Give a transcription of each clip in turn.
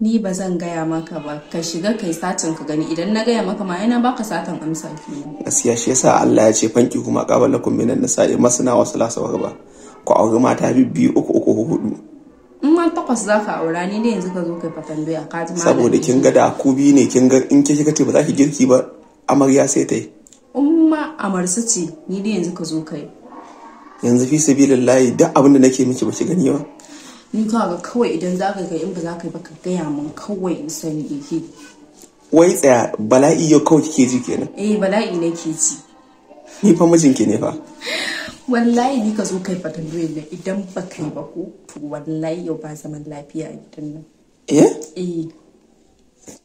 ni ba zan gaya maka ba ka shiga kai satin ka gani idan na gaya maka ma yana baka satan amsa kenan gaskiya shi yasa Allah ya ce fanki kuma qabalakum minan nisa'i masna wa salasa wa ba ku auri mata biyu uku uku hudu in ma takwas za ka aura ni ne yanzu ka zo kai fatambe a kaji saboda kin ga da ku biyu ne kin ga in ke shiga ce ba za ki girki ba amarya sai ta yi umma amarsu ce ni ne yanzu ka zo kai yanzu fi sabilillahi duk abin da nake miki ba ki gani ba ni ga kawai idan za ka ga in ba za ka yi ba ka gaya min kawai in sani ihe eh. wai tsaya bala'i yau kawai kike ji kenan eh bala'i ne ke ji ni fa mijin ke ne fa wallahi ni ka zo kai fatan doyin nan idan ba yi ba ko to wallahi yau ba zaman lafiya a gidan nan eh eh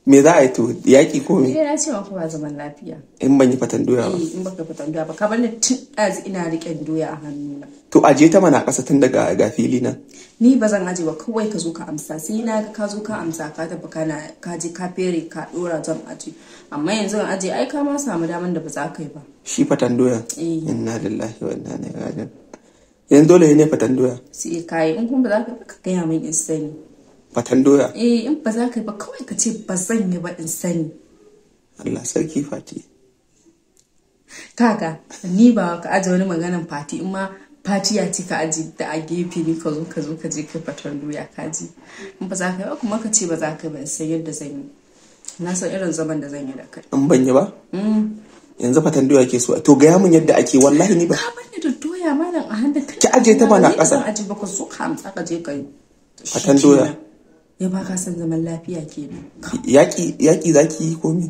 me za a yi to yaƙi ko me? Ina eh, ma kuma zaman lafiya. In ban yi fatan doya ba. Eh, in baka fatan doya ba, ka bar ni tun ɗazu ina riƙen doya a hannuna. aje ta mana ƙasa tun daga ga fili nan ni ba zan aje ba kawai ka zo ka amsa sai na ga ka zo ka amsa ka tafi kana ka je ka fere ka dora zan aje amma yanzu an aje ai ka ma samu daman da ba za ka yi ba shi fatan doya eh. inna lillahi wa inna ilaihi raji'un yanzu dole ne fatan doya sai kai in kun ba za ka ka gaya min in sani fatan doya eh in ba za ka yi ba kawai ka ce ba zan yi ba in sani Allah sarki fati kaga ni ba ka aje wani maganan fati in ma fatiya ce ka aji da a gefe ne ka zo ka zo ka je ka fatar doya ka ji in ba za ka yi ba kuma ka ce ba za ka yi ba sai yadda zan yi na san irin zaman da zan yi da kai in ban yi ba mm. yanzu fatan doya ke so to gaya min yadda ake wallahi ni ba ka ban da doya malam a hannun ki aje ta na kasa aje ba ka so ka amsa ka je ka yi fatan doya ya ba ka san zaman lafiya ke yaki yaki zaki yi me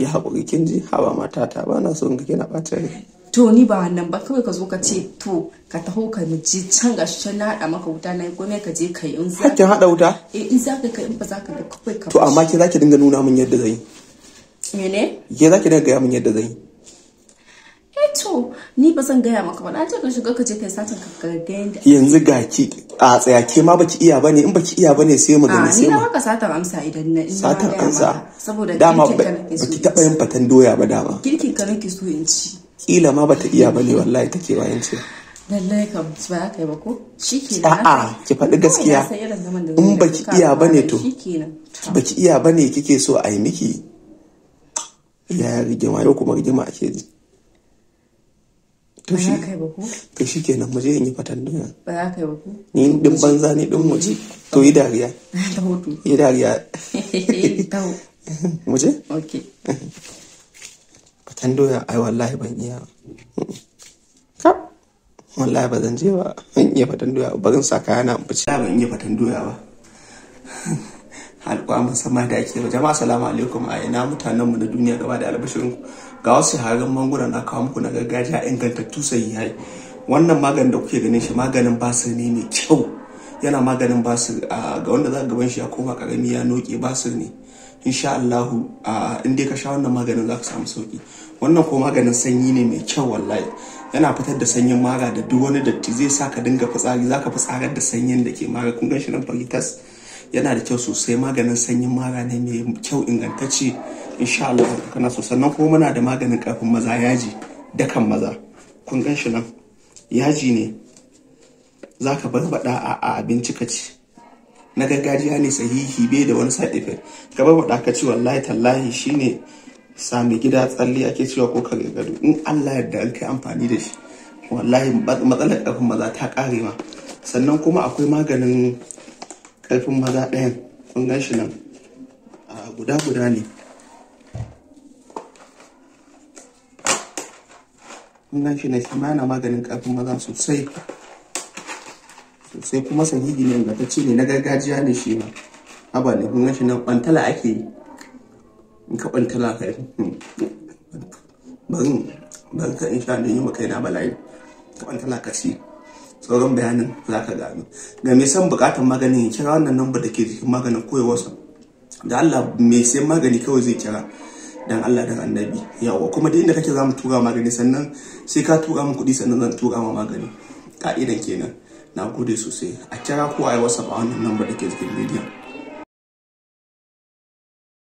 ya haƙuri kin ji hawa matata ba na so in ga kina ɓata rai to ni ba wannan ba kawai ka zo ka ce to ka taho ka je can ga shi na hada maka wuta na gome ka je ka yi in za ka haɗa wuta eh in za ka kai in ba za ka da, kawai ka to amma ke zaki dinga nuna min yadda zai mene ke zaki dinga gaya min yadda zai eh to ni ba zan gaya maka ba na ce ka shiga ka je kai satan ka ga yadda yanzu ga ki a tsaya ke ma baki iya bane in baki iya bane sai mu gani sai mu ni na maka satar amsa idan na satan amsa saboda dama baki taba yin fatan doya ba dama kirkin ka nake so in ci kila ma bata iya bane wallahi take bayan ce lallai kam ba aka yi ba ko shikenan a'a ki faɗi gaskiya in baki iya bane to baki iya bane kike so a yi miki ya rigima yau kuma rigima ake ji to shi to shi kenan mu je in yi fatan duniya ba za ka yi ba ko ni din banza ni din waje to yi dariya yi dariya mu okay ɗan doya ai wallahi ban iya ka wallahi ba zan je ba ban iya fatan doya ba zan sa na in ba ban iya fatan doya ba halkuwa musamman da ake jama'a salamu alaikum a ina mutanen mu na duniya gaba da albashirin ga wasu shahararren manguna na kawo muku na gargajiya ingantattu yi. wannan maganin da kuke ganin shi maganin basir ne mai kyau yana maganin basir ah, ga wanda za gaban shi ya koma karami ya noke basir ne insha Allahu in dai ka sha wannan maganin za ka samu sauki wannan ko maganin sanyi ne mai kyau wallahi yana fitar da sanyin mara da duk wani datti zai sa ka dinga fitsari za ka fitsarar da sanyin da ke mara kun gan shi nan faritas yana da kyau sosai maganin sanyin mara ne mai kyau ingantacce insha Allah kana so sannan kuma muna da maganin kafin maza yaji dakan maza kun gan shi nan yaji ne za ka barbada a abinci ka ci na gargajiya ne sahihi bai da wani side effect ka ba faɗa ka ce wallahi tallahi shine sami gida tsalle ake cewa ko ka gado in Allah yarda an amfani da shi wallahi matsalar karfin maza ta kare ma sannan kuma akwai maganin karfin maza ɗayan kun gan shi nan guda guda ne kun gan shi ne shi ma yana maganin karfin maza sosai sai kuma sahihi ne ce ne na gargajiya ne shi ma haba ne kun shi nan kwantala ake yi in ka kwantala ka yi hmm, bari bari ka insha Allah yi maka yana bala'i ka kwantala ka ci sauran bayanin za ka gano ga mai son bukatan maganin ya kira wannan namba da ke jikin maganin koyawarsa da Allah mai sai magani kawai zai kira dan Allah dan annabi yawa kuma duk inda kake za mu tura magani sannan sai ka tura mu kuɗi sannan zan tura ma magani ka'idan kenan na gode sosai a kira ko a yi wasa a wannan lambar da ke jikin bidiyon